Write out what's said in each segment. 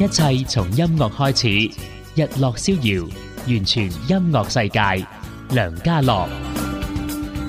一切從音樂開始，日落逍遙，完全音樂世界，梁嘉樂。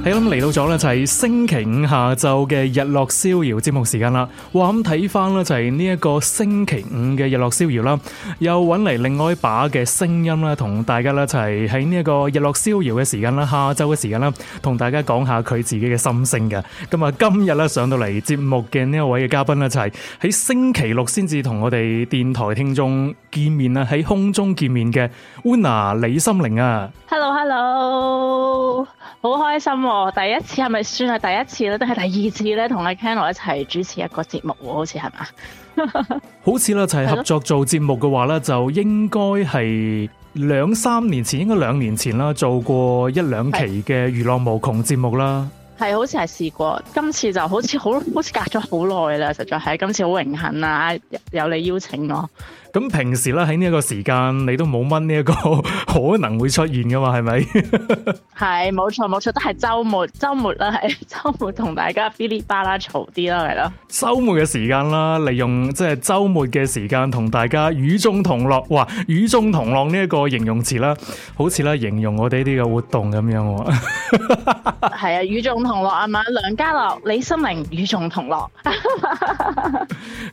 咁嚟到咗呢，就係星期五下晝嘅日落逍遙節目時間啦。哇，咁睇翻呢，就係呢一個星期五嘅日落逍遙啦，又揾嚟另外一把嘅聲音咧，同大家呢，一齊喺呢一個日落逍遙嘅時間啦，下晝嘅時間啦，同大家講下佢自己嘅心聲嘅。咁啊，今日呢，上到嚟節目嘅呢一位嘅嘉賓呢，就係喺星期六先至同我哋電台聽眾見面啦，喺空中見面嘅 Una 李心寧啊 hello,！Hello，Hello，好開心喎、啊！哦、第一次係咪算係第一次咧？定係第二次咧？同阿 Ken 一齊主持一個節目，好似係嘛？ 好似啦，一齊合作做節目嘅話咧，就應該係兩三年前，應該兩年前啦，做過一兩期嘅娛樂無窮節目啦。係，好似係試過。今次就好似好好似隔咗好耐啦，實在係。今次好榮幸啊，有你邀請我。咁平時咧，喺呢一個時間，你都冇乜呢一個可能會出現噶嘛？係咪？係冇錯冇錯，都係周末周末啦，係周末同大家噼里啪啦嘈啲啦，係咯。周末嘅時間啦，利用即係周末嘅時間同大家與眾同樂，哇！與眾同樂呢一個形容詞啦，好似啦形容我哋呢個活動咁樣。係啊，與眾同樂啊嘛，梁嘉樂李心寧與眾同樂。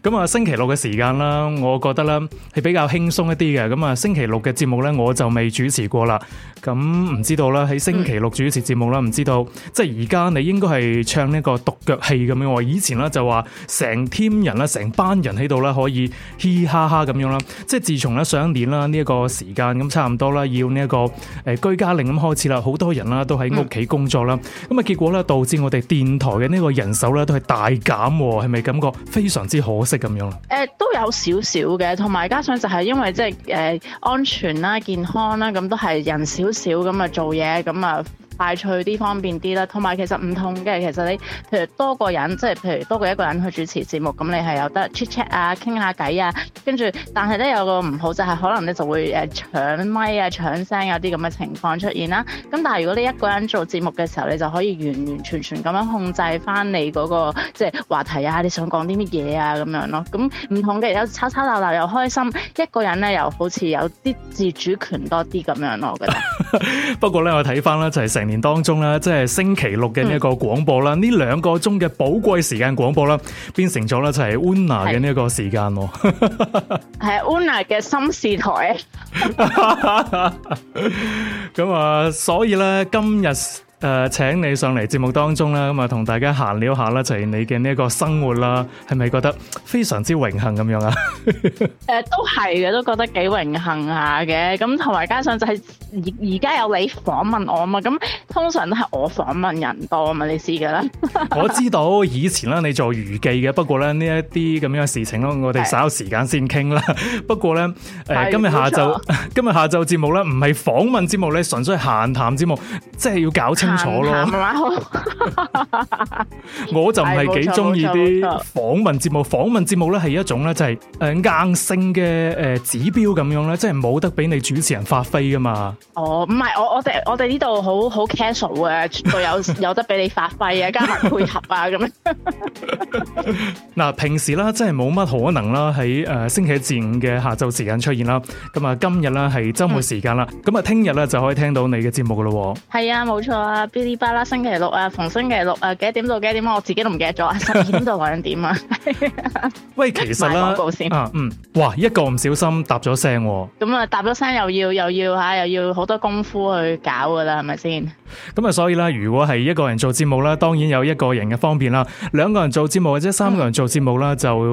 咁啊，星期六嘅時間啦，我覺得啦係比較輕鬆一啲嘅，咁啊星期六嘅節目呢，我就未主持過啦，咁唔知道啦喺星期六主持節目啦，嗯、唔知道即係而家你應該係唱呢個獨腳戲咁樣喎，以前呢，就話成 team 人啦，成班人喺度啦，可以嘻嘻哈哈咁樣啦，即係自從呢，上一年啦呢一個時間咁差唔多啦，要呢一個誒居家令咁開始啦，好多人啦都喺屋企工作啦，咁啊、嗯、結果呢，導致我哋電台嘅呢個人手呢，都係大減，係咪感覺非常之可惜咁樣啊？誒、呃，都有少少嘅，加上就係因為即係誒安全啦、啊、健康啦，咁都係人少少咁啊做嘢咁啊。快趣啲，方便啲啦。同埋，其實唔同嘅，其實你譬如多個人，即係譬如多過一個人去主持節目，咁你係有得 chat chat 啊，傾下偈啊。跟住，但係咧有個唔好就係可能咧就會誒搶咪啊、搶聲有啲咁嘅情況出現啦。咁但係如果你一個人做節目嘅時候，你就可以完完全全咁樣控制翻你嗰個即係話題啊，你想講啲乜嘢啊咁樣咯。咁唔同嘅有吵吵鬧鬧又開心，一個人咧又好似有啲自主權多啲咁樣咯，我覺得。 不過咧，我睇翻咧就係、是、成年當中咧，即、就、係、是、星期六嘅呢一個廣播啦，呢、嗯、兩個鐘嘅寶貴時間廣播啦，變成咗咧就係 Una 嘅呢一個時間咯，係 Una 嘅心事台 。咁 啊，所以咧今日，誒、呃，請你上嚟節目當中啦，咁啊同大家閒聊，聊一下啦，就係、是、你嘅呢一個生活啦，係咪覺得非常之榮幸咁樣啊？誒、 呃，都係嘅，都覺得幾榮幸下嘅，咁同埋加上就係而家有你訪問我啊嘛，咁通常都係我訪問人多嘛，我你試嘅啦。 我知道以前啦，你做娛記嘅，不過咧呢一啲咁樣嘅事情我哋稍時間先傾啦。不過咧，誒、呃、今日下晝今日下晝節目咧，唔係訪問節目咧，純粹係閒談節目，即係、就是、要搞清。清楚咯， 我就唔係幾中意啲訪問節目。訪問節目咧，係一種咧，就係誒硬性嘅誒指標咁樣咧，即係冇得俾你主持人發揮噶嘛。哦，唔係，我我哋我哋呢度好好 casual 嘅，都有有，有得俾你發揮啊，加埋配合啊咁樣。嗱， 平時啦，真係冇乜可能啦，喺誒星期一至五嘅下晝時間出現啦。咁啊，今日咧係周末時間啦，咁、嗯、啊，聽日咧就可以聽到你嘅節目噶咯。係啊，冇錯啊。啊，嗶哩吧啦，星期六啊，逢星期六啊，幾點到幾點啊？我自己都唔記得咗啊， 十點到兩點啊。 喂，其實啦，廣告先、啊，嗯，哇，一個唔小心搭咗聲，咁啊，搭咗聲又要又要吓，又要好、啊、多功夫去搞噶啦，係咪先？咁啊，所以啦，如果係一個人做節目啦，當然有一個人嘅方便啦。兩個人做節目或者三個人做節目啦、嗯，就會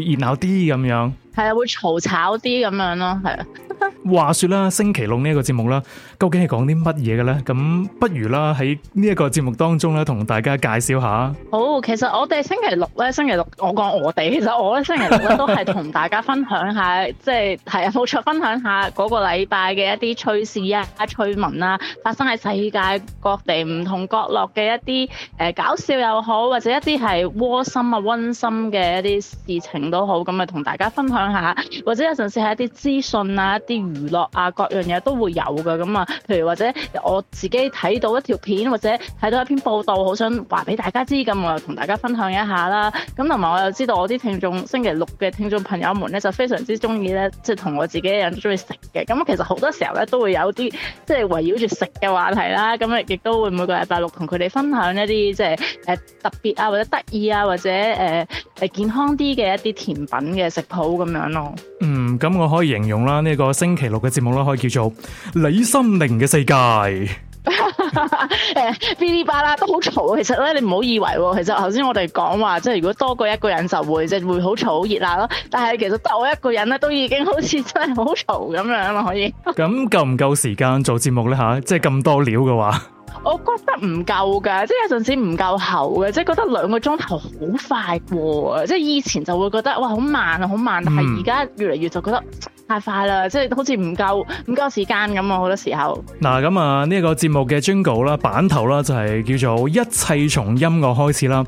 熱鬧啲咁樣。係啊，會嘈吵啲咁樣咯，係啊。 話說啦，星期六呢一個節目啦，究竟係講啲乜嘢嘅咧？咁不如啦，喺呢一個節目當中咧，同大家介紹下。好，其實我哋星期六咧，星期六我講我哋，其實我咧星期六咧都係同 大家分享一下，即係係啊冇錯，分享一下嗰個禮拜嘅一啲趣事啊、趣聞啊，發生喺世界各地唔同角落嘅一啲誒、呃、搞笑又好，或者一啲係窩心啊、溫心嘅一啲事情都好，咁啊同大家分享一下。嚇，或者有陣時係一啲資訊啊、一啲娛樂啊，各樣嘢都會有嘅咁啊。譬如或者我自己睇到一條片，或者睇到一篇報道，好想話俾大家知，咁我又同大家分享一下啦。咁同埋我又知道我啲聽眾，星期六嘅聽眾朋友們咧，就非常之中意咧，即係同我自己一樣中意食嘅。咁其實好多時候咧都會有啲即係圍繞住食嘅話題啦。咁亦都會每個禮拜六同佢哋分享一啲即係誒、呃、特別啊，或者得意啊，或者誒誒、呃、健康啲嘅一啲甜品嘅食譜咁樣。嗯，咁我可以形容啦，呢個星期六嘅節目啦，可以叫做李心寧嘅世界。誒， 噼里啪啦都好嘈。其實咧，你唔好以為，其實頭先我哋講話，即係如果多過一個人就會即係會好嘈熱鬧咯。但係其實得我一個人咧，都已經好似真係好嘈咁樣啦。可以咁夠唔夠時間做節目咧？吓、啊，即係咁多料嘅話。我覺得唔夠㗎，即係有陣時唔夠喉嘅，即係覺得兩個鐘頭好快過啊！即係以前就會覺得哇好慢啊，好慢，但係而家越嚟越就覺得太快啦、嗯，即係好似唔夠唔夠時間咁啊，好多時候。嗱咁啊，呢個節目嘅 jingle 啦，版頭啦就係叫做一切從音樂開始啦。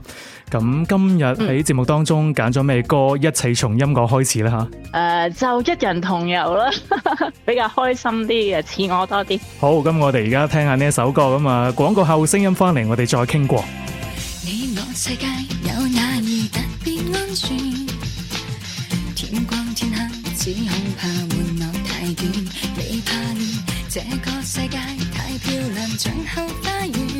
咁今日喺節目當中揀咗咩歌？嗯、一齊從音樂開始啦吓！誒、呃，就一人同遊啦，比較開心啲，似我多啲。好，咁我哋而家聽下呢一首歌咁啊！廣告後聲音翻嚟，我哋再傾過。你我世界有哪樣特別安全，天光天黑，只恐怕玩我太短，怕你怕呢？這個世界太漂亮，像後花園。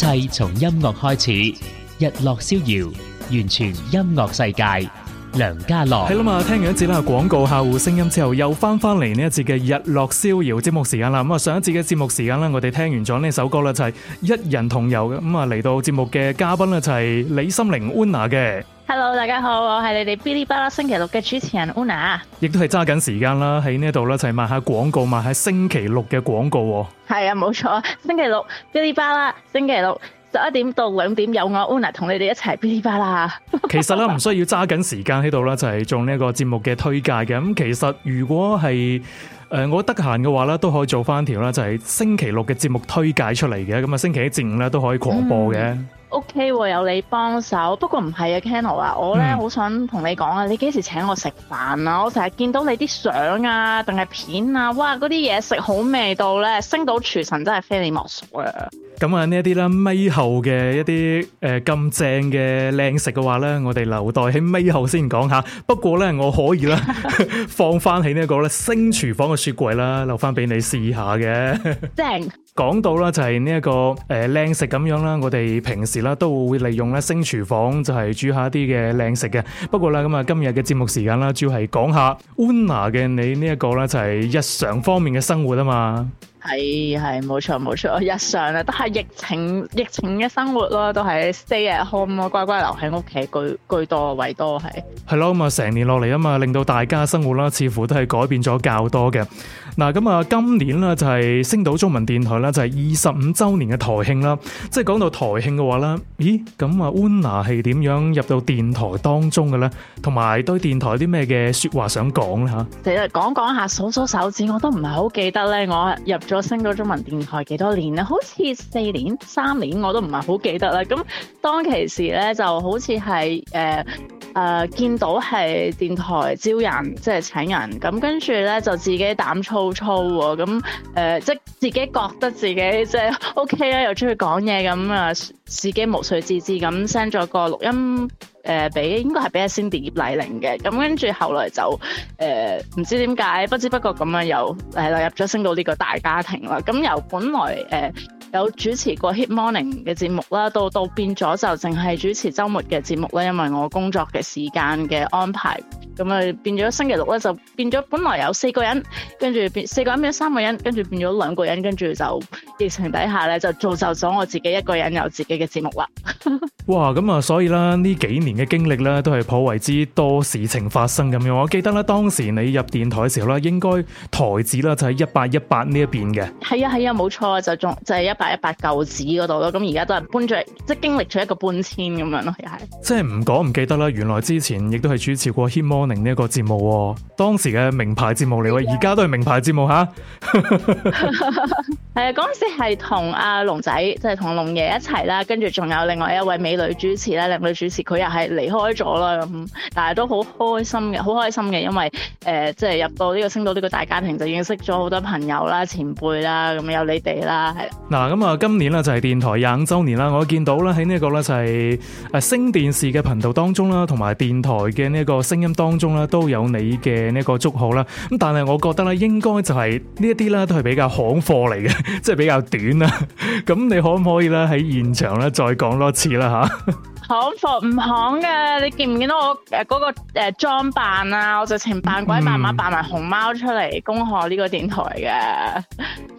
一切從音樂開始，日落逍遙，完全音樂世界。梁嘉樂係啦嘛，聽完一節啦個廣告客戶聲音之後又翻翻嚟呢一節嘅日落逍遙節目時間啦。咁啊，上一節嘅節目時間咧，我哋聽完咗呢首歌啦，就是，就係一人同遊嘅。咁啊，嚟、嗯、到節目嘅嘉賓咧，就係李心寧 Una 嘅。Wuna Hello，大家好，我係你哋嗶哩吧啦星期六嘅主持人 Una，亦都係揸緊時間啦，喺呢一度啦，就係賣下廣告，賣下星期六嘅廣告。係啊，冇錯，星期六嗶哩吧啦，星期六十一點到兩點有我 Una 同你哋一齊嗶哩吧啦。其實咧，唔需要揸緊時間喺度啦， 這就係做呢一個節目嘅推介嘅。咁其實如果係誒、呃、我得閒嘅話咧，都可以做翻條啦，就係星期六嘅節目推介出嚟嘅。咁啊，星期一至五咧都可以狂播嘅。嗯 O、okay, K 有你幫手。不過唔係啊嘉樂啊，Kano，我咧好、嗯、想同你講啊，你幾時請我食飯啊？我成日見到你啲相啊，定係片啊，哇、啊！嗰啲嘢食好味道呢升到咧，星島廚神真係非你莫屬啊！咁啊，呢一啲啦，咪後嘅一啲誒咁正嘅靚食嘅話咧，我哋留待喺咪後先講下。不過咧，我可以啦， 放翻喺呢一個咧星廚房嘅雪櫃啦，留翻俾你試一下嘅。正。講到啦、這個，就係呢一個誒靚食咁樣啦，我哋平時啦都會利用咧星廚房就係煮下啲嘅靚食嘅。不過啦，咁啊今日嘅節目時間啦，主要係講下 Una 嘅你呢一個咧，就係日常方面嘅生活啊嘛。係係冇錯冇錯，日常咧都係疫情疫情嘅生活咯，都係 stay at home 咯，乖乖留喺屋企居居多位多係。係咯咁啊，成年落嚟啊嘛，令到大家生活啦，似乎都係改變咗較多嘅。嗱咁啊，今年咧就係星島中文電台啦，就係二十五週年嘅台慶啦。即係講到台慶嘅話咧，咦咁啊，Una 係點樣入到電台當中嘅咧？同埋對電台有啲咩嘅説話想講咧嚇？其實講講下數數手指，我都唔係好記得咧，我入。升咗中文電台幾多年咧？好似四年、三年我都唔係好記得啦。咁當其時咧，就好似係誒誒見到係電台招人，即係請人。咁跟住咧，就自己膽粗粗喎。咁誒、呃，即係自己覺得自己即係 OK 啦，又出去講嘢咁啊，自己無師自通咁 send 咗個錄音。誒、呃，俾應該係俾阿 Cindy 黎玲嘅，咁跟住後來就誒，唔、呃、知點解，不知不覺咁樣又誒入入咗升到呢個大家庭啦。咁由本來誒、呃、有主持過 Hit Morning 嘅節目啦，到到變咗就淨係主持週末嘅節目啦，因為我工作嘅時間嘅安排，咁啊變咗星期六咧就變咗，本來有四個人，跟住變四個人變咗三個人，跟住變咗兩個人，跟住就。疫情底下咧，就造就咗我自己一個人有自己嘅節目啦 。哇，咁啊，所以啦，呢幾年嘅經歷咧，都係頗為之多事情發生咁樣。我記得咧，當時你入電台嘅時候咧，應該台址咧就喺一八一八呢一邊嘅。係啊係啊，冇錯，就仲就係一八一八舊址嗰度咯。咁而家都係搬咗嚟，即係經歷咗一個搬遷咁樣咯，又係。即係唔講唔記得啦，原來之前亦都係主持過《Hit Morning》呢一個節目，哦，當時嘅名牌節目嚟，而、yeah. 家都係名牌節目吓。係啊，嗰 陣 時。係同阿龍仔，即係同龍爺一齊啦，跟住仲有另外一位美女主持咧。靚女主持佢又係離開咗啦，咁但係都好開心嘅，好開心嘅，因為誒、即、呃、係、就是、入到呢個星島呢個大家庭，就認識咗好多朋友啦、前輩啦，咁有你哋啦。嗱，咁啊、嗯，今年啦就係電台廿五周年啦，我見到啦喺呢一個咧就係誒星電視嘅頻道當中啦，同埋電台嘅呢一個聲音當中咧都有你嘅呢個祝賀啦。咁但係我覺得咧，應該就係呢一啲咧都係比較行貨嚟嘅，即係比較。短啊，咁你可唔可以咧喺現場咧再講多次啦吓？行貨唔行嘅，你見唔見到我誒嗰個誒裝扮啊？我直情扮鬼慢慢扮馬扮埋熊貓出嚟恭賀呢個電台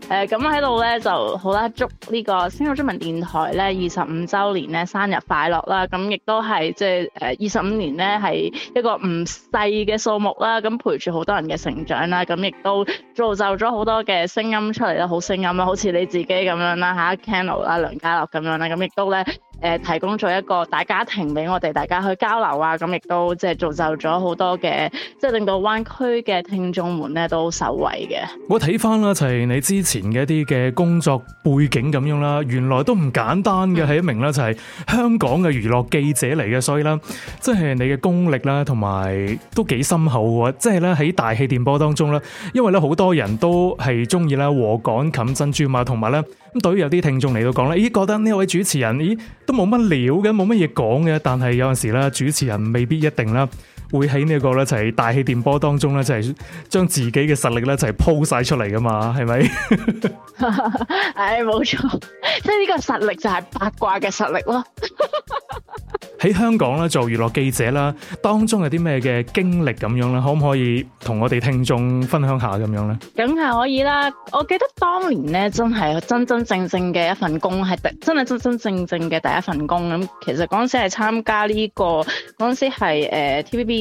嘅誒，咁喺度咧就好啦，祝呢個星空中文電台咧二十五週年咧生日快樂啦！咁亦都係即係誒二十五年咧係一個唔細嘅數目啦，咁陪住好多人嘅成長啦，咁亦都造就咗好多嘅聲音出嚟啦，好聲音啊，好似你自己咁樣啦嚇 Una 啦，梁嘉樂咁樣啦，咁亦都咧。誒提供咗一個大家庭俾我哋大家去交流啊！咁亦都即係造就咗好多嘅，即係令到灣區嘅聽眾們咧都受惠嘅。我睇翻啦，就係你之前嘅一啲嘅工作背景咁樣啦，原來都唔簡單嘅，係一名咧就係香港嘅娛樂記者嚟嘅，所以啦，即係你嘅功力啦，同埋都幾深厚喎！即係咧喺大氣電波當中啦，因為咧好多人都係中意啦和諧冚珍珠嘛，同埋咧咁對於有啲聽眾嚟到講咧，咦覺得呢位主持人咦？都冇乜料嘅，冇乜嘢講嘅，但係有陣時啦，主持人未必一定啦。會喺呢個咧就係大氣電波當中咧就係將自己嘅實力咧就係鋪晒出嚟噶嘛係咪？唉，冇錯，即係呢個實力就係八卦嘅實力咯 。喺香港咧做娛樂記者啦，當中有啲咩嘅經歷咁樣咧？可唔可以同我哋聽眾分享下咁樣咧？梗係可以啦！我記得當年咧真係真真正正嘅一份工係第真係真真正正嘅第一份工咁。其實嗰陣時係參加呢個嗰陣時係誒 TVB。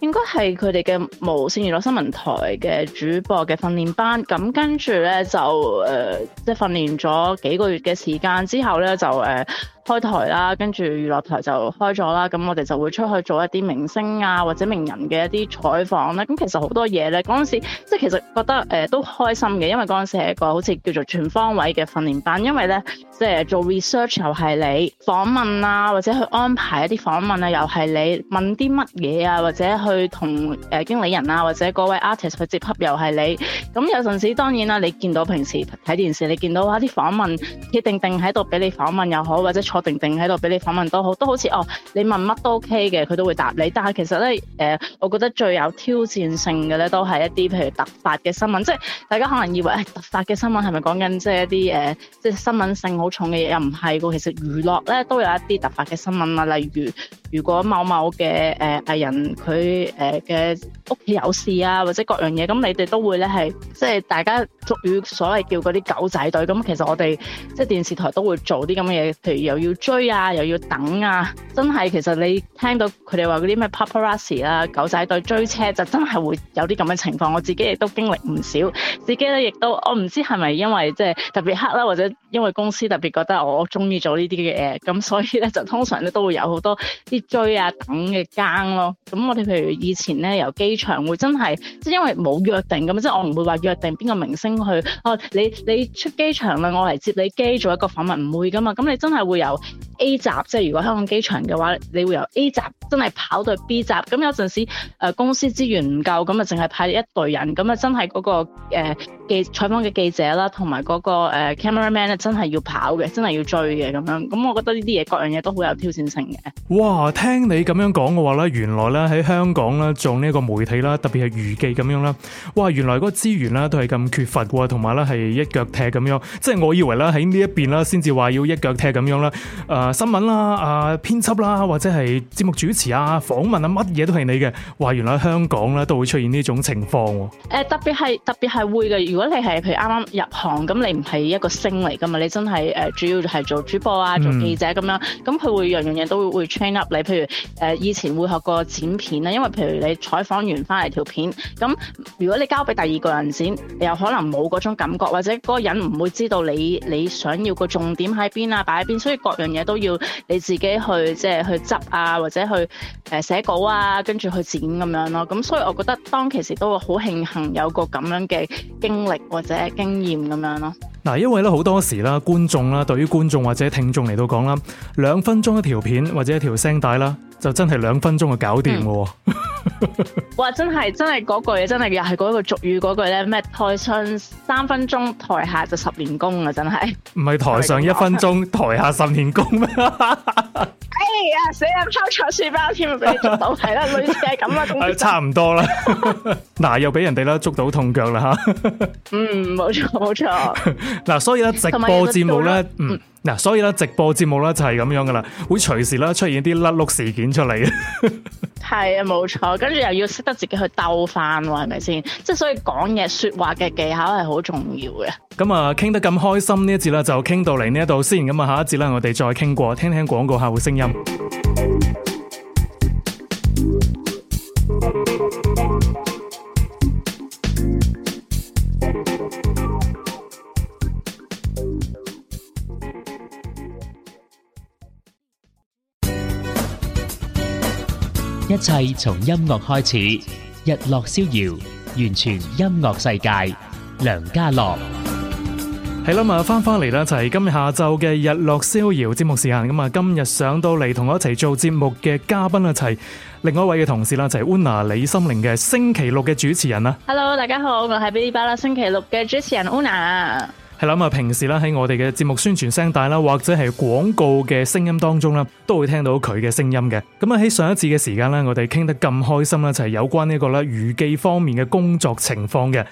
應該係佢哋嘅無線娛樂新聞台嘅主播嘅訓練班，咁跟住呢，就誒，即係訓練咗幾個月嘅時間之後呢，就誒、呃、開台啦，跟住娛樂台就開咗啦，咁我哋就會出去做一啲明星啊或者名人嘅一啲採訪咧，咁其實好多嘢呢，嗰陣時即係其實覺得誒、呃、都開心嘅，因為嗰陣時係一個好似叫做全方位嘅訓練班，因為呢，即、就、係、是、做 research 又係你訪問啊或者去安排一啲訪問啊又係你問啲乜嘢啊或者。去同誒、呃、經理人啊，或者嗰位 artist 去接洽，又係你。咁有陣時當然啦，你見到平時睇電視，你見到一啲訪問，企定定喺度俾你訪問又好，或者坐定定喺度俾你訪問都好，都好似哦，你問乜都 OK 嘅，佢都會答你。但係其實咧，誒、呃，我覺得最有挑戰性嘅咧，都係一啲譬如突發嘅新聞，即係大家可能以為誒、哎、突發嘅新聞係咪講緊即係一啲誒即係新聞性好重嘅嘢？又唔係喎，其實娛樂咧都有一啲突發嘅新聞啊，例如如果某某嘅誒、呃、藝人佢。誒嘅屋企有事啊，或者各樣嘢，咁你哋都會咧係，即係大家俗語所謂叫嗰啲狗仔隊。咁其實我哋即係電視台都會做啲咁嘅嘢，譬如又要追啊，又要等啊，真係其實你聽到佢哋話嗰啲咩 paparazzi 啦，狗仔隊追車就真係會有啲咁嘅情況。我自己亦都經歷唔少，自己咧亦都，我唔知係咪因為即係特別黑啦，或者因為公司特別覺得我中意做呢啲嘅嘢，咁所以咧就通常咧都會有好多啲追啊等嘅更咯。咁我哋譬如。例如以前咧，由機場會真係，即係因為冇約定咁，即係我唔會話約定邊個明星去。哦、啊，你你出機場啦，我嚟接你機做一個訪問，唔會㗎嘛。咁你真係會由 A 閘，即係如果香港機場嘅話，你會由 A 閘真係跑到 B 閘。咁有陣時，誒、呃、公司資源唔夠，咁啊，淨係派一隊人，咁啊、那個呃那個呃，真係嗰個誒記採訪嘅記者啦，同埋嗰個 camera man 咧，真係要跑嘅，真係要追嘅咁樣。咁我覺得呢啲嘢，各樣嘢都好有挑戰性嘅。哇，聽你咁樣講嘅話咧，原來咧喺香。香港啦，做呢一個媒體啦，特別係娛記咁樣啦，哇，原來嗰個資源啦都係咁缺乏，同埋啦係一腳踢咁樣，即係我以為啦喺呢一邊、呃、啦，先至話要一腳踢咁樣啦，誒，新聞啦，誒，編輯啦，或者係節目主持啊、訪問啊，乜嘢都係你嘅，話原來香港都會出現呢種情況，誒、呃，特別係特別係會嘅，如果你係譬如啱啱入行，咁你唔係一個星嚟噶嘛，你真係誒、呃、主要係做主播啊、做記者咁樣，咁、嗯、佢會樣樣嘢都會,會 train up 你，譬如誒、呃、以前會學過剪片。因為譬如你採訪完翻嚟條片，咁如果你交俾第二個人剪，你又可能冇嗰種感覺，或者嗰個人唔會知道你你想要個重點喺邊啊，擺喺邊，所以各樣嘢都要你自己去即係去執啊，或者去誒寫稿啊，跟住去剪咁樣咯。咁所以我覺得當其時都會好慶幸有個咁樣嘅經歷或者經驗咁樣咯。嗱，因為咧好多時啦，觀眾啦，對於觀眾或者聽眾嚟到講啦，兩分鐘一條片或者一條聲帶啦，就真係兩分鐘就搞掂嘅、嗯。 哇，真係真係嗰句，真係又係嗰個俗語嗰句咧，咩台上三分鐘，台下就十年功啊！真係唔係台上一分鐘，台下十年功咩？ 哎呀，死人拋錯書包添，俾你捉到，係 啦，類似係咁啊，都 差唔多啦。嗱， 又俾人哋啦捉到痛腳啦吓。 嗯，冇錯，冇錯。嗱、啊，所以咧直播節目咧，嗯，嗱、啊，所以咧直播節目咧就係咁樣噶啦，會隨時咧出現啲甩碌事件出嚟嘅。係啊，冇錯，跟住又要識得自己去兜翻喎，係咪先？即係所以講嘢說話嘅技巧係好重要嘅。咁啊，傾得咁開心呢一節啦，就傾到嚟呢一度先。咁啊，下一節啦，我哋再傾過，聽聽廣告客戶聲音。一切從音樂開始，日落逍遙，完全音樂世界。梁嘉樂，係啦嘛，翻翻嚟啦，就係今日下晝嘅日落逍遙節目時間。咁啊，今日上到嚟同我一齊做節目嘅嘉賓啊，就係另外一位嘅同事啦，就係 Una 李心寧嘅星期六嘅主持人啦。Hello，大家好，我係比利巴啦，星期六嘅主持人 Una。係諗啊，平時咧喺我哋嘅節目宣傳聲帶啦，或者係廣告嘅聲音當中啦，都會聽到佢嘅聲音嘅。咁啊喺上一次嘅時間咧，我哋傾得咁開心啦，就係有關呢一個咧娛記方面嘅工作情況嘅。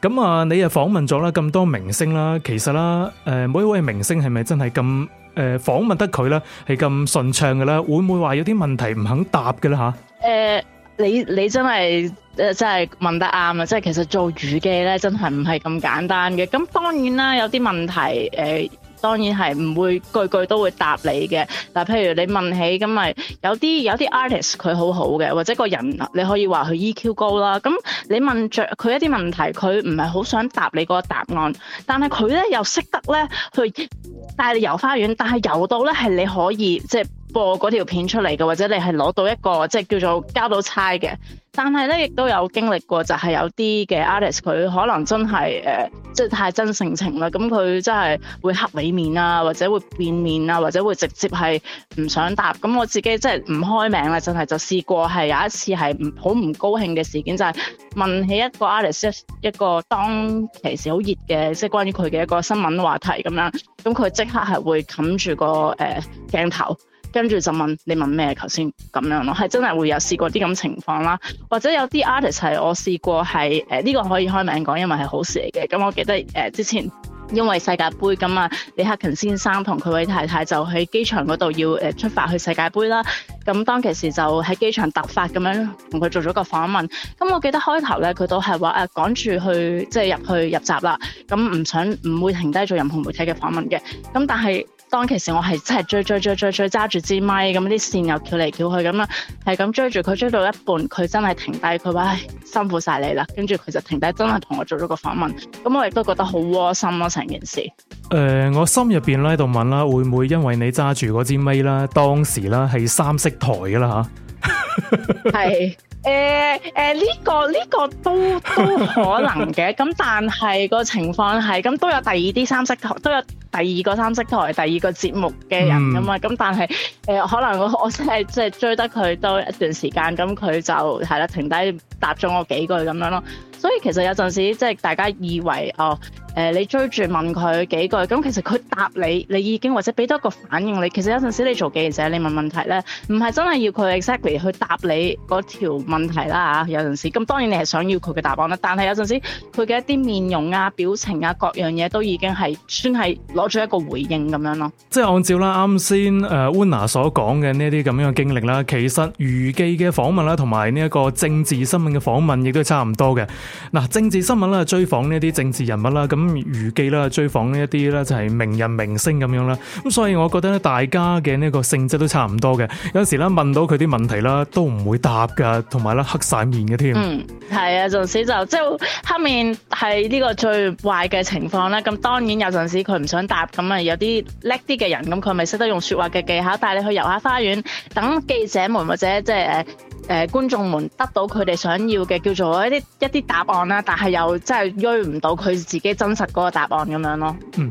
咁啊，你又訪問咗啦咁多明星啦，其實啦，誒，每一位明星係咪真係咁誒訪問得佢咧，係咁順暢嘅咧？會唔會話有啲問題唔肯答嘅咧吓？誒。你你真係誒真係問得啱啊！即係其實做語記咧，真係唔係咁簡單嘅。咁當然啦，有啲問題誒、呃，當然係唔會句句都會答你嘅。嗱，譬如你問起咁咪有啲有啲 artist 佢好好嘅，或者個人你可以話佢 EQ 高啦。咁你問着佢一啲問題，佢唔係好想答你個答案，但係佢咧又識得咧去帶你遊花園，但係遊到咧係你可以即係。就係播嗰條片出嚟嘅，或者你係攞到一個即係叫做交到差嘅，但係咧亦都有經歷過就係，就係有啲嘅 artist 佢可能真係誒，即、呃、係、就係、太真性情啦，咁佢真係會黑你面啊，或者會變面啊，或者會直接係唔想答。咁我自己即係唔開名啦，真、就、係、係、就試過係有一次係唔好唔高興嘅事件，就係、係、問起一個 artist 一個當其時好熱嘅，即、就、係、係、關於佢嘅一個新聞話題咁樣，咁佢即刻係會冚住個誒、呃、鏡頭。跟住就問你問咩？頭先咁樣咯，係真係會有試過啲咁情況啦，或者有啲 artist 係我試過係誒呢個可以開名講，因為係好事嚟嘅。咁我記得、呃、之前因為世界盃咁啊，李克勤先生同佢位太太就喺機場嗰度要誒出發去世界盃啦。咁當其時就喺機場突發咁樣同佢做咗個訪問。咁我記得開頭咧佢都係話誒趕住去即係入去入閘啦，咁唔想唔會停低做任何媒體嘅訪問嘅。咁但係。當其時我係真係追追追追追揸住支咪，咁，啲線又翹嚟翹去咁啊，係咁追住佢追到一半，佢真係停低，佢話唉辛苦晒你啦，跟住佢就停低，真係同我做咗個訪問，咁我亦都覺得好窩心咯成件事。誒、呃，我心入邊咧度問啦，會唔會因為你揸住嗰支咪啦，當時啦係三色台噶啦吓？係、啊。 誒、呃、誒，呢、呃這個呢、這個、都都可能嘅，咁 但係個情況係咁，都有第二啲三色台，都有第二個三色台，第二個節目嘅人噶嘛，咁、嗯、但係、呃、可能我我真係即係追得佢多一段時間，咁佢就係啦，停低答咗我幾句咁樣咯，所以其實有陣時即係、就是、大家以為哦。誒、呃，你追住問佢幾句，咁其實佢答你，你已經或者俾多一個反應你。其實有陣時你做記者，你問問題咧，唔係真係要佢 exactly 去答你嗰條問題啦嚇、啊。有陣時，咁當然你係想要佢嘅答案啦，但係有陣時佢嘅一啲面容啊、表情啊、各樣嘢都已經係算係攞咗一個回應咁樣咯。即係按照啦啱先誒、呃、Una 所講嘅呢啲咁樣嘅經歷啦，其實預記嘅訪問啦，同埋呢一個政治新聞嘅訪問亦都係差唔多嘅。嗱、啊，政治新聞啦，追訪呢啲政治人物啦，咁。咁娛記啦，追訪呢一啲啦，就係名人明星咁樣啦。咁所以我覺得咧，大家嘅呢個性質都差唔多嘅。有時咧問到佢啲問題啦，都唔會答噶，同埋咧黑晒面嘅添。嗯，係啊，陣時就即係黑面係呢個最壞嘅情況啦。咁當然有陣時佢唔想答，咁啊有啲叻啲嘅人，咁佢咪識得用說話嘅技巧帶你去遊下花園，等記者們或者即係誒。呃誒、呃，觀眾們得到佢哋想要嘅，叫做一啲一啲答案啦，但係又真係追唔到佢自己真實嗰個答案咁樣咯。嗯，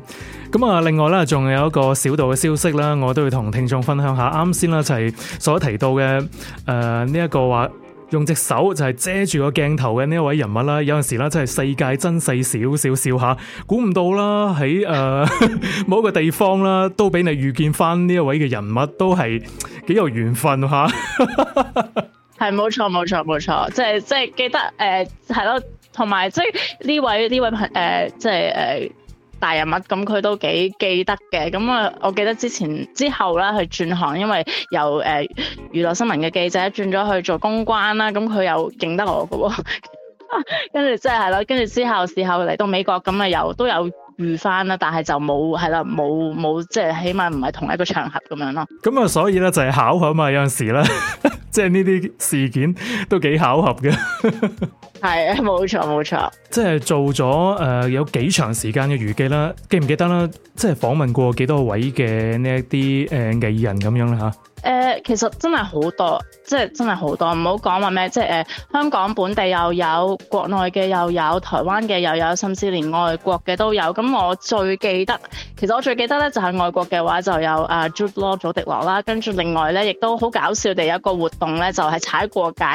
咁啊，另外咧，仲有一個小道嘅消息啦，我都要同聽眾分享一下。啱先啦，就係所提到嘅誒呢一個話，用隻手就係遮住個鏡頭嘅呢一位人物啦，有陣時咧真係世界真細少少少吓，估唔到啦，喺、呃、誒 某一個地方啦，都俾你遇見翻呢一位嘅人物，都係幾有緣分吓。啊 係冇錯冇錯冇錯，即係即係記得誒，係、呃、咯，同埋即係呢位呢位朋誒、呃，即係誒、呃、大人物咁，佢都幾記得嘅。咁啊，我記得之前之後咧，佢轉行，因為由誒娛樂新聞嘅記者轉咗去做公關啦。咁佢又認得我嘅喎，跟住即係係咯，跟住之後事後嚟到美國咁啊，又都有遇翻啦，但係就冇係啦，冇冇即係起碼唔係同一個場合咁樣咯。咁啊，所以咧就係巧合嘛，有陣時咧。即係呢啲事件都幾巧合嘅 ，係冇錯冇錯。即係做咗誒、呃、有幾長時間嘅預計啦，記唔記得啦？即係訪問過幾多位嘅、呃、呢一啲誒藝人咁樣啦吓。誒、呃，其實真係好多，即係真係好多。唔好講話咩，即係誒、呃、香港本地又有，國內嘅又有，台灣嘅又有，甚至連外國嘅都有。咁我最記得，其實我最記得咧就係外國嘅話就有啊 Jude Law 祖迪羅啦，跟住另外咧亦都好搞笑地有一個活動咧就係踩過界，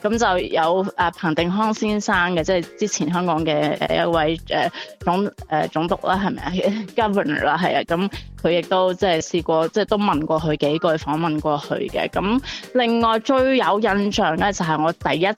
咁就有彭定康先生嘅，即係之前香港嘅一位誒、總誒總督啦，係咪啊 Governor 啦，係啊咁佢亦都即係試過，即係都問過佢幾句訪問過佢嘅。咁另外最有印象咧，就係我第一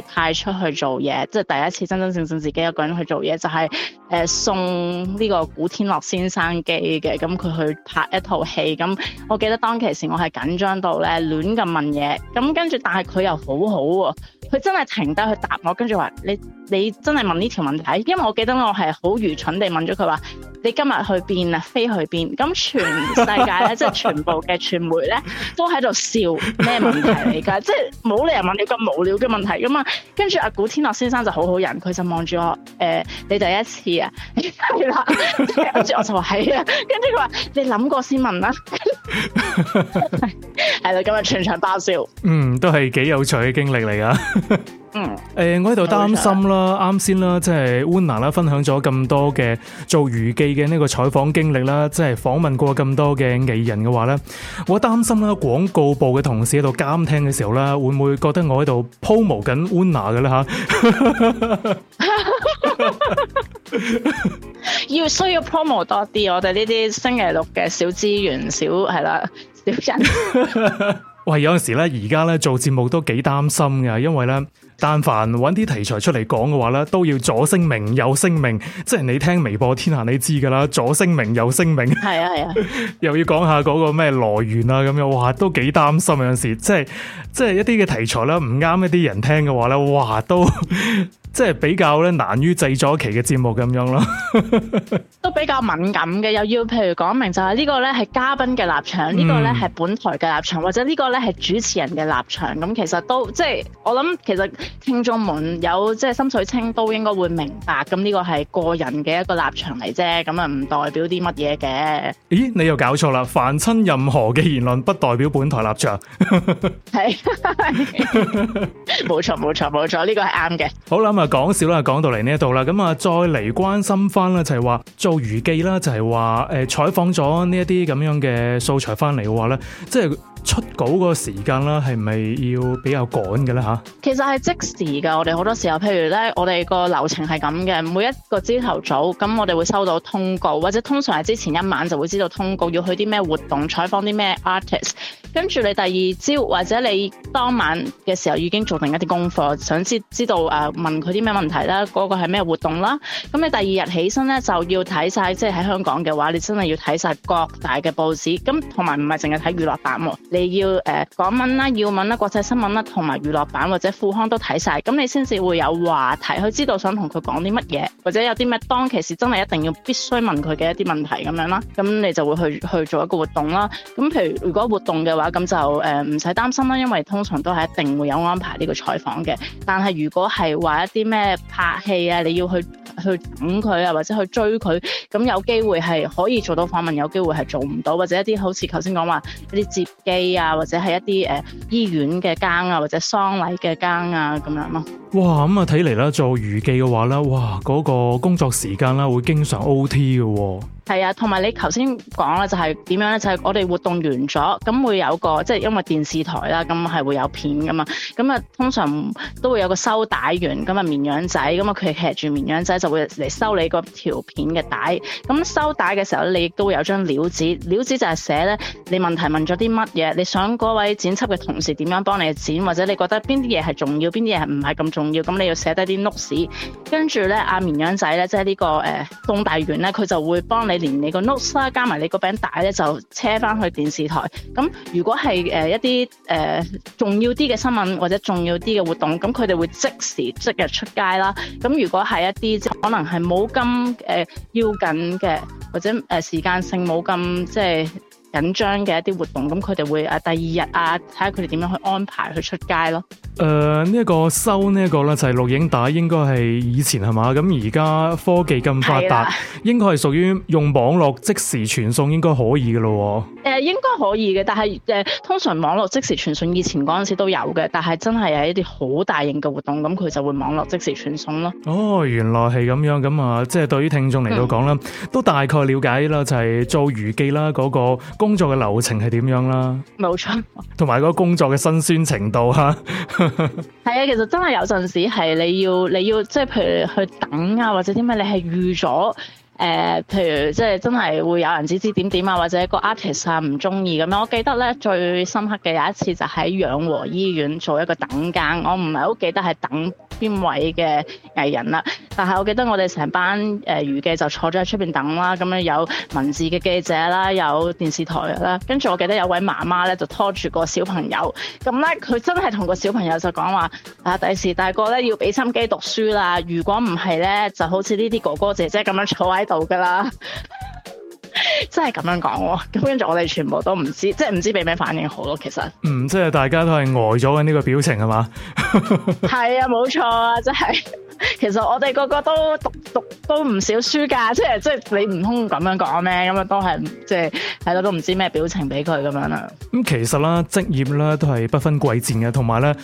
次派出去做嘢，即係第一次真真正正自己一個人去做嘢，就係誒送呢個古天樂先生機嘅。咁佢去拍一套戲，咁我記得當其時我係緊張到咧亂咁問嘢，咁跟住但係佢又好好喎，佢真係停低去答我，跟住話你你真係問呢條問題，因為我記得我係好愚蠢地問咗佢話你今日去邊啊，飛去邊？咁全世界咧，即係全部嘅傳媒咧，都喺度笑咩問題嚟噶？即係冇理由問你咁無聊嘅問題噶嘛？跟住阿古天樂先生就好好人，佢就望住我誒、呃，你第一次啊？係 啦，跟住我就話係啊，跟住佢話你諗過先問啦。係啦，今日全場爆笑。嗯，都係幾有趣嘅經歷嚟噶。 誒、嗯欸，我喺度擔心啦，啱先啦，即係 Una 啦，分享咗咁多嘅做娛記嘅呢個採訪經歷啦，即係訪問過咁多嘅藝人嘅話咧，我擔心啦，廣告部嘅同事喺度監聽嘅時候咧，會唔會覺得我喺度 promo 緊 Una 嘅咧吓？ 要需要 promo 多啲，我哋呢啲星期六嘅小資源，小係啦，小人。 喂，有陣時咧，而家咧做節目都幾擔心嘅，因為咧。但凡揾啲題材出嚟講嘅話咧，都要左聲明右聲明，即係你聽微博天下你知噶啦，左聲明右聲明，係啊係啊，啊 又要講下嗰個咩來源啊咁樣，哇都幾擔心有陣時，即係即係一啲嘅題材咧唔啱一啲人聽嘅話咧，哇都。 即係比較咧難於製作期嘅節目咁樣咯 ，都比較敏感嘅，又要譬如講明就係呢個咧係嘉賓嘅立場，呢、嗯、個咧係本台嘅立場，或者呢個咧係主持人嘅立場。咁其實都即係我諗，其實聽眾們有即係心水清都應該會明白，咁呢個係個人嘅一個立場嚟啫，咁啊唔代表啲乜嘢嘅。咦，你又搞錯啦！凡親任何嘅言論，不代表本台立場。係， 冇錯冇錯冇錯，呢個係啱嘅。好啦，講笑啦，講到嚟呢一度啦，咁啊，再嚟關心翻啦，就係話做娛記啦，就係話誒，採訪咗呢一啲咁樣嘅素材翻嚟嘅話咧，即係。出稿個時間啦，係咪要比較趕嘅喇吓？其實係即時㗎，我哋好多時候，譬如咧，我哋個流程係咁嘅，每一個朝頭早，咁我哋會收到通告，或者通常係之前一晚就會知道通告要去啲咩活動，採訪啲咩 artist，跟住你第二朝或者你當晚嘅時候已經做定一啲功課，想知知道誒、啊、問佢啲咩問題啦，嗰、那個係咩活動啦，咁你第二日起身咧就要睇晒，即係喺香港嘅話，你真係要睇晒各大嘅報紙，咁同埋唔係淨係睇娛樂版喎。你要誒港聞啦、要聞啦、國際新聞啦，同埋娛樂版或者副刊都睇晒。咁你先至會有話題，去知道想同佢講啲乜嘢，或者有啲咩當其時真係一定要必須問佢嘅一啲問題咁樣啦，咁你就會去去做一個活動啦。咁譬如如果活動嘅話，咁就誒唔使擔心啦，因為通常都係一定會有安排呢個採訪嘅。但係如果係話一啲咩拍戲啊，你要去去等佢啊，或者去追佢，咁有機會係可以做到訪問，有機會係做唔到，或者一啲好似頭先講話一啲接機。或者一呃、醫院的啊，或者係一啲誒醫院嘅更啊，或者喪禮嘅更啊，咁樣咯。哇，咁啊睇嚟，啦做娛記嘅話咧，哇，嗰個工作時間啦會經常 O T 嘅，哦。係啊，同埋你頭先講啦，就係點樣咧？就係我哋活動完咗，咁會有個即係因為電視台啦，咁係會有片噶嘛。咁啊通常都會有個收帶員，咁啊綿羊仔，咁啊佢騎住綿羊仔就會嚟收你嗰條片嘅帶。咁收帶嘅時候，你亦都會有張料紙，料紙就係寫咧你問題問咗啲乜嘢，你想嗰位剪輯嘅同事點樣幫你剪，或者你覺得邊啲嘢係重要，邊啲嘢係唔係咁重要。重要咁你要寫低啲 notes 跟住咧阿綿羊仔咧，即係呢、個誒、呃、東大員咧，佢就會幫你連你個 notes 啦，加埋你個餅帶咧就車翻去電視台。咁如果係誒、呃、一啲誒、呃、重要啲嘅新聞或者重要啲嘅活動，咁佢哋會即時即日出街啦。咁如果係一啲可能係冇咁誒要緊嘅，或者誒、呃、時間性冇咁即係緊張嘅一啲活動，咁佢哋會誒、啊、第二日啊，睇下佢哋點樣去安排去出街咯。誒、呃，呢、這、一個收呢、這、一個啦，就係、是、錄影帶，應該係以前係嘛？咁而家科技咁發達，應該係屬於用網絡即時傳送，應該可以嘅咯。誒、呃，應該可以嘅，但係誒、呃，通常網絡即時傳送以前嗰陣時都有嘅，但係真係喺一啲好大型嘅活動，咁佢就會網絡即時傳送咯。哦，原來係咁樣，咁啊，即係對於聽眾嚟到講啦，都大概了解了、就是、啦，就係做娛記啦，嗰個工作嘅流程係點樣啦，冇錯，同埋嗰個工作嘅辛酸程度吓。呵呵係 啊，其實真係有陣時，係你要你要即係譬如去等啊，或者點咩，你係預咗誒，譬如即係真係會有人指指點點啊，或者個 artist 啊唔中意咁樣我記得咧最深刻嘅，有一次就喺養和醫院做一個等間，我唔係好記得係等。邊位嘅藝人啦？但係我記得我哋成班誒娛記就坐咗喺出邊等啦。咁、嗯、樣有文字嘅記者啦，有電視台啦。跟、嗯、住我記得有位媽媽咧就拖住個小朋友。咁咧佢真係同個小朋友就講話：啊，第時大個咧要俾心機讀書啦。如果唔係咧，就好似呢啲哥哥姐姐咁樣坐喺度噶啦。真係咁樣講，咁跟住我哋全部都唔知，即係唔知俾咩反應好咯。其實，嗯，即係大家都係呆咗嘅呢個表情係嘛？係 啊，冇錯啊，真係。其實我哋個個都讀讀都唔少書噶，即係即係你唔通咁樣講咩？咁啊都係即係，係咯都唔知咩表情俾佢咁樣啦。咁其實啦，職業啦都係不分貴賤嘅，同埋咧。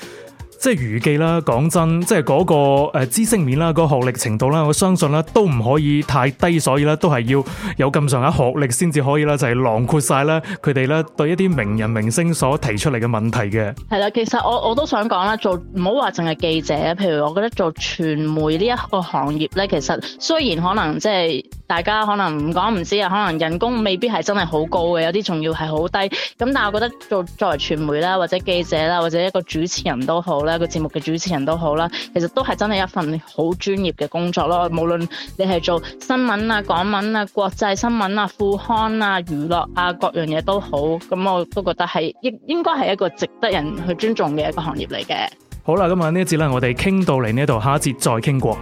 即係娛記啦，講真，即係嗰個誒知識面啦，嗰個學歷程度啦，我相信咧都唔可以太低，所以咧都係要有咁上下學歷先至可以啦，就係囊括晒啦。佢哋咧對一啲名人明星所提出嚟嘅問題嘅。係啦，其實我我都想講啦，做唔好話淨係記者，譬如我覺得做傳媒呢一個行業咧，其實雖然可能即係。大家可能唔講唔知啊，可能人工未必係真係好高嘅，有啲仲要係好低。咁但係我覺得做作為傳媒啦，或者記者啦，或者一個主持人都好啦，一個節目嘅主持人都好啦，其實都係真係一份好專業嘅工作咯。無論你係做新聞啊、港聞啊、國際新聞啊、副刊啊、娛樂啊各樣嘢都好，咁我都覺得係應應該係一個值得人去尊重嘅一個行業嚟嘅。好啦，今日呢一節啦，我哋傾到嚟呢度，下一節再傾過。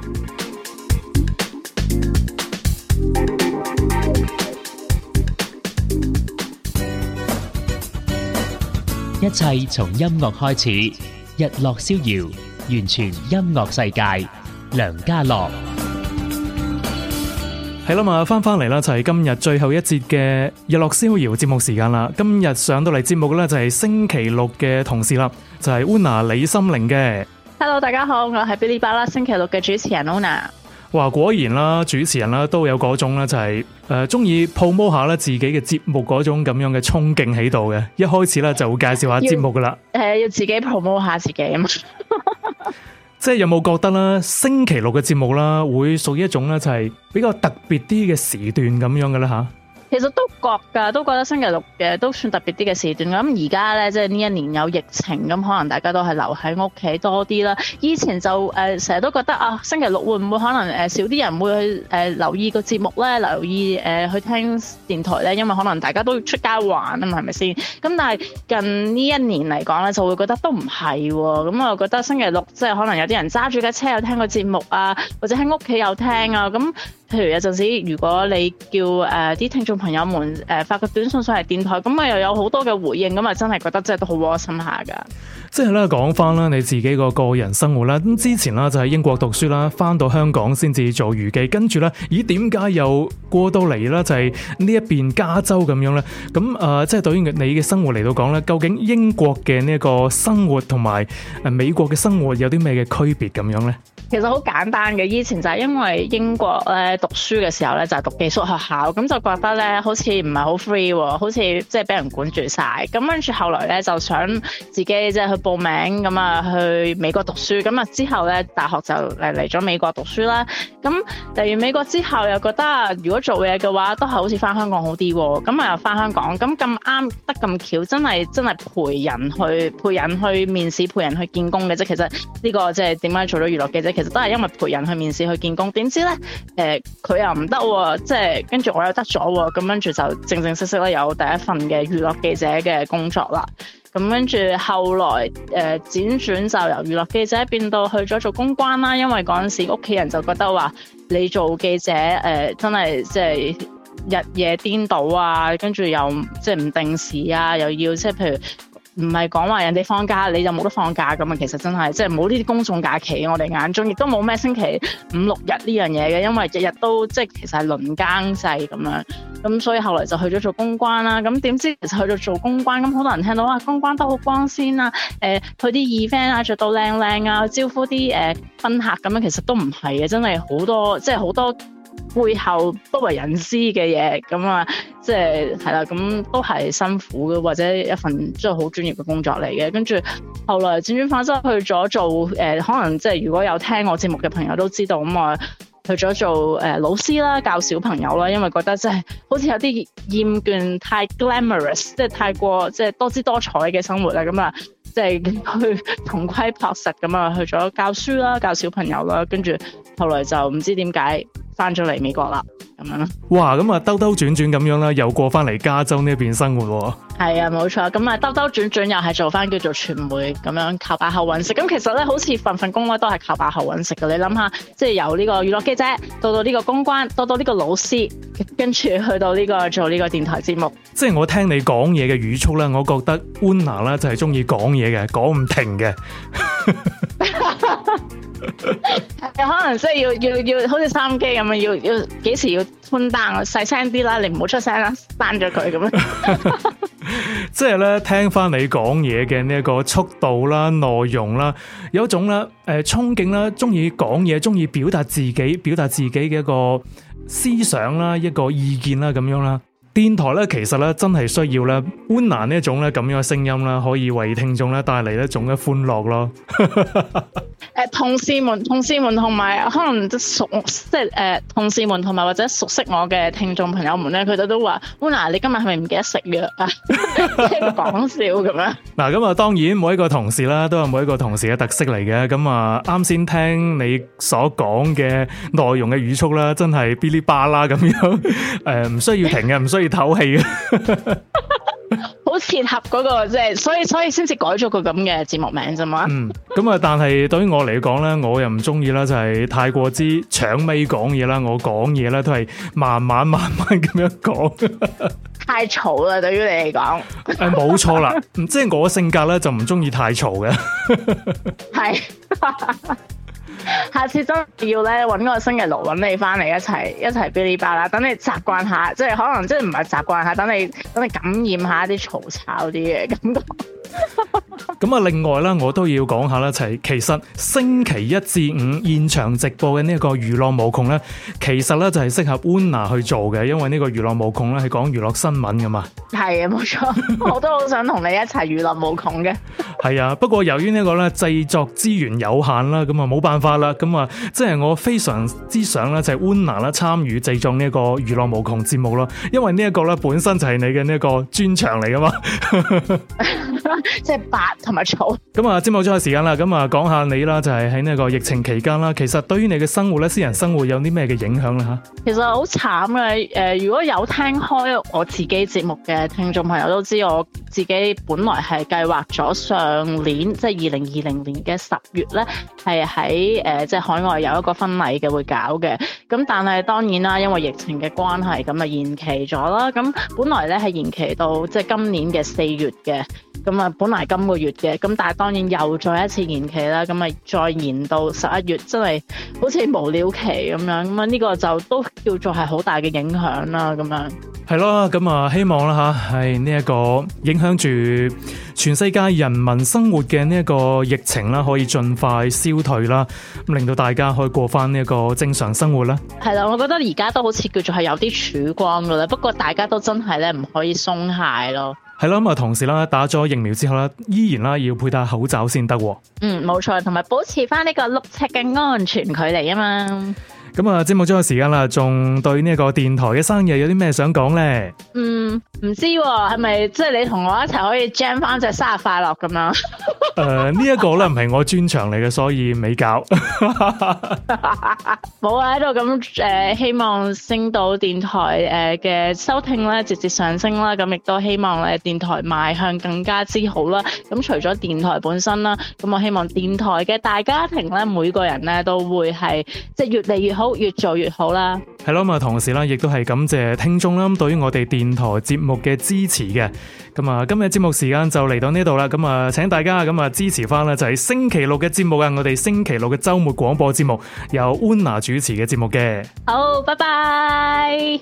一切從音樂開始，日落逍遙，完全音樂世界。梁嘉樂，係啦嘛，翻翻嚟啦，就係、是、今日最後一節嘅日落逍遙節目時間啦。今日上到嚟節目嘅咧，就係星期六嘅同事啦，就係、是、Una 李心寧嘅。Hello，大家好，我係 Billie 巴啦星期六嘅主持人 Una。哇，果然啦，主持人啦都有嗰種咧，就係誒，中意 promote 下咧自己嘅節目嗰種咁樣嘅衝勁喺度嘅。一開始咧就會介紹下節目噶啦，誒，要自己 promote 下自己啊嘛。 即係有冇覺得咧，星期六嘅節目啦，會屬於一種咧就係比較特別啲嘅時段咁樣嘅啦吓？其實都覺㗎，都覺得星期六嘅都算特別啲嘅時段。咁而家呢，即係呢一年有疫情，咁可能大家都係留喺屋企多啲啦。以前就誒成日都覺得啊，星期六會唔會可能誒少啲人會去、呃、留意個節目呢？留意、呃、去聽電台呢，因為可能大家都出街玩啊嘛，係咪先？咁但係近呢一年嚟講呢，就會覺得都唔係喎。咁、嗯、我覺得星期六即係可能有啲人揸住架車有聽個節目啊，或者喺屋企有聽啊，咁、嗯。譬如有陣時，如果你叫誒啲、呃、聽眾朋友們誒、呃、發個短信上嚟電台，咁啊又有好多嘅回應，咁啊真係覺得真係都好窩心下㗎。即係咧講翻啦，你自己個個人生活啦。咁之前啦就喺英國讀書啦，翻到香港先至做預計，跟住咧咦點解又過到嚟啦？就係、是、呢一邊加州咁樣咧。咁誒即係對於你嘅生活嚟到講咧，究竟英國嘅呢一個生活同埋誒美國嘅生活有啲咩嘅區別咁樣咧？其實好簡單嘅，以前就係因為英國咧。呃讀書嘅時候咧，就係、是、讀寄宿學校，咁就覺得咧好似唔係好 free 喎，好似即係俾人管住晒。咁跟住後來咧，就想自己即係去報名，咁啊去美國讀書。咁啊之後咧，大學就嚟嚟咗美國讀書啦。咁嚟完美國之後，又覺得如果做嘢嘅話，都係好似翻香港好啲喎。咁啊翻香港，咁咁啱得咁巧，真係真係陪人去陪人去，陪人去面試，陪人去見工嘅啫。其實呢個即係點解做到娛樂記者，其實都係因為陪人去面試去見工。點知咧，誒、呃、～佢又唔得，即係跟住我又得咗，咁跟住就正正式式咧有第一份嘅娛樂記者嘅工作啦。咁跟住後來誒，輾轉就由娛樂記者變到去咗做公關啦。因為嗰陣時屋企人就覺得話你做記者誒、呃，真係即係日夜顛倒啊，跟住又即係唔定時啊，又要即係譬如。唔係講話人哋放假，你就冇得放假咁啊！其實真係，即係冇呢啲公眾假期，我哋眼中亦都冇咩星期五六日呢樣嘢嘅，因為日日都即係其實係輪更制咁樣。咁所以後來就去咗做公關啦。咁點知其實去到做公關，咁好多人聽到話、啊、公關都好光鮮啊，誒、呃，佢啲 event 啊著到靚靚啊，招呼啲誒、呃、賓客咁樣，其實都唔係嘅，真係好多，即係好多。背後不為人知嘅嘢，咁啊，即係係啦，咁都係辛苦嘅，或者一份即係好專業嘅工作嚟嘅。跟住後來輾轉反側去咗做誒、呃，可能即係如果有聽我節目嘅朋友都知道咁啊，去咗做誒、呃、老師啦，教小朋友啦，因為覺得真係好似有啲厭倦太 glamorous，即係太過即係多姿多彩嘅生活啦，咁啊，即係去同歸朴實咁啊，去咗教書啦，教小朋友啦，跟住後來就唔知點解。翻咗嚟美國啦，咁樣咯。哇，咁啊，兜兜轉轉咁樣啦，又過翻嚟加州呢邊生活。係啊，冇錯，咁啊，兜兜轉轉又係做翻叫做傳媒咁樣，靠把口搵食。咁其實咧，好似份份工咧都係靠把口搵食嘅。你諗下，即係由呢個娛樂記者到到呢個公關，到到呢個老師，跟住去到呢個做呢個電台節目。即係我聽你講嘢嘅語速咧，我覺得 Una 啦就係中意講嘢嘅，講唔停嘅。 可能即係要要要好似三機咁樣要要幾時要 tune down 啊？細聲啲啦，你唔好出聲啦，關咗佢咁啊。 即係咧，聽翻你講嘢嘅呢一個速度啦、內容啦，有一種啦誒、呃，憧憬啦，中意講嘢，中意表達自己，表達自己嘅一個思想啦、一個意見啦，咁樣啦。電台咧，其實咧真係需要咧，Una 呢一種咧咁樣嘅聲音啦，可以為聽眾咧帶嚟一種嘅歡樂咯。誒，同事們、同事們同埋可能熟識誒，同事們同埋或者熟悉我嘅聽眾朋友們咧，佢哋都話 Una 你今日係咪唔記得食藥啊？講笑咁樣。嗱，咁啊，當然每一個同事啦都有每一個同事嘅特色嚟嘅。咁啊，啱先聽你所講嘅內容嘅語速啦，真係嗶哩吧啦咁樣，誒，唔需要停嘅，唔需要。透氣好切合嗰、那個即係，所以所以先至改咗個咁嘅節目名啫嘛。嗯，咁啊，但係對於我嚟講咧，我又唔中意啦，就係、是、太過之搶尾講嘢啦。我講嘢咧都係慢慢慢慢咁樣講， 太嘈啦。對於你嚟講，誒、 哎，冇錯啦，即 係我性格咧就唔中意太嘈嘅，係。 下次真係要咧，揾個星期六揾你翻嚟一齊一齊嗶哩吧啦，等你習慣下，即係可能即係唔係習慣下，等你等你感染下一啲嘈吵啲嘅感覺。咁啊，另外啦，我都要講下啦，就是、其實星期一至五現場直播嘅、這個、呢一個娛樂無窮咧，其實咧就係適合 Una 去做嘅，因為呢、這個娛樂無窮咧係講娛樂新聞噶嘛。係啊，冇錯， 我都好想同你一齊娛樂無窮嘅。係 啊，不過由於呢個咧製作資源有限啦，咁啊冇辦法啦，咁啊即係我非常之想啦、這個，就係 Una 啦參與製作呢一個娛樂無窮節目咯，因為呢一個咧本身就係你嘅呢個專長嚟噶嘛。 即、就、係白同埋草咁啊！佔冇咗時間啦，咁啊講下你啦，就係喺呢個疫情期間啦，其實對於你嘅生活咧，私人生活有啲咩嘅影響咧？吓，其實好慘嘅。誒、呃，如果有聽開我自己節目嘅聽眾朋友都知，我自己本來係計劃咗上年，即係二零二零年嘅十月咧，係喺誒即係海外有一個婚禮嘅會搞嘅。咁但係當然啦，因為疫情嘅關係，咁啊延期咗啦。咁本來咧係延期到即係今年嘅四月嘅，咁啊。本嚟今個月嘅，咁但係當然又再一次延期啦，咁咪再延到十一月，真係好似無了期咁樣。咁啊呢個就都叫做係好大嘅影響啦。咁樣係咯，咁啊希望啦吓，係呢一個影響住全世界人民生活嘅呢一個疫情啦，可以盡快消退啦，咁令到大家可以過翻呢一個正常生活啦。係啦，我覺得而家都好似叫做係有啲曙光噶啦，不過大家都真係咧唔可以鬆懈咯。係啦，咁啊，同時啦，打咗疫苗之後啦，依然啦要佩戴口罩先得，啊。嗯，冇錯，同埋保持翻呢個六尺嘅安全距離啊嘛。咁、嗯、啊，節目咗要時間啦，仲對呢個電台嘅生日有啲咩想講咧？嗯。唔知喎，啊，係咪即係你同我一齊可以 jam 翻隻生日快樂咁樣？誒呢一個咧唔係我專長嚟嘅，所以未搞。冇 啊！喺度咁，誒希望升到電台誒嘅收聽咧，直接上升啦。咁亦都希望咧電台邁向更加之好啦。咁除咗電台本身啦，咁我希望電台嘅大家庭咧，每個人咧都會係即係越嚟越好，越做越好啦。係咯，咁啊，同時啦亦都係感謝聽眾啦。對於我哋電台節目。嘅支持嘅，咁啊，今日節目時間就嚟到呢度啦，咁啊，請大家咁啊支持返啦，就係星期六嘅節目啊，我哋星期六嘅周末廣播節目由 Una 主持嘅節目嘅，oh，好，拜拜。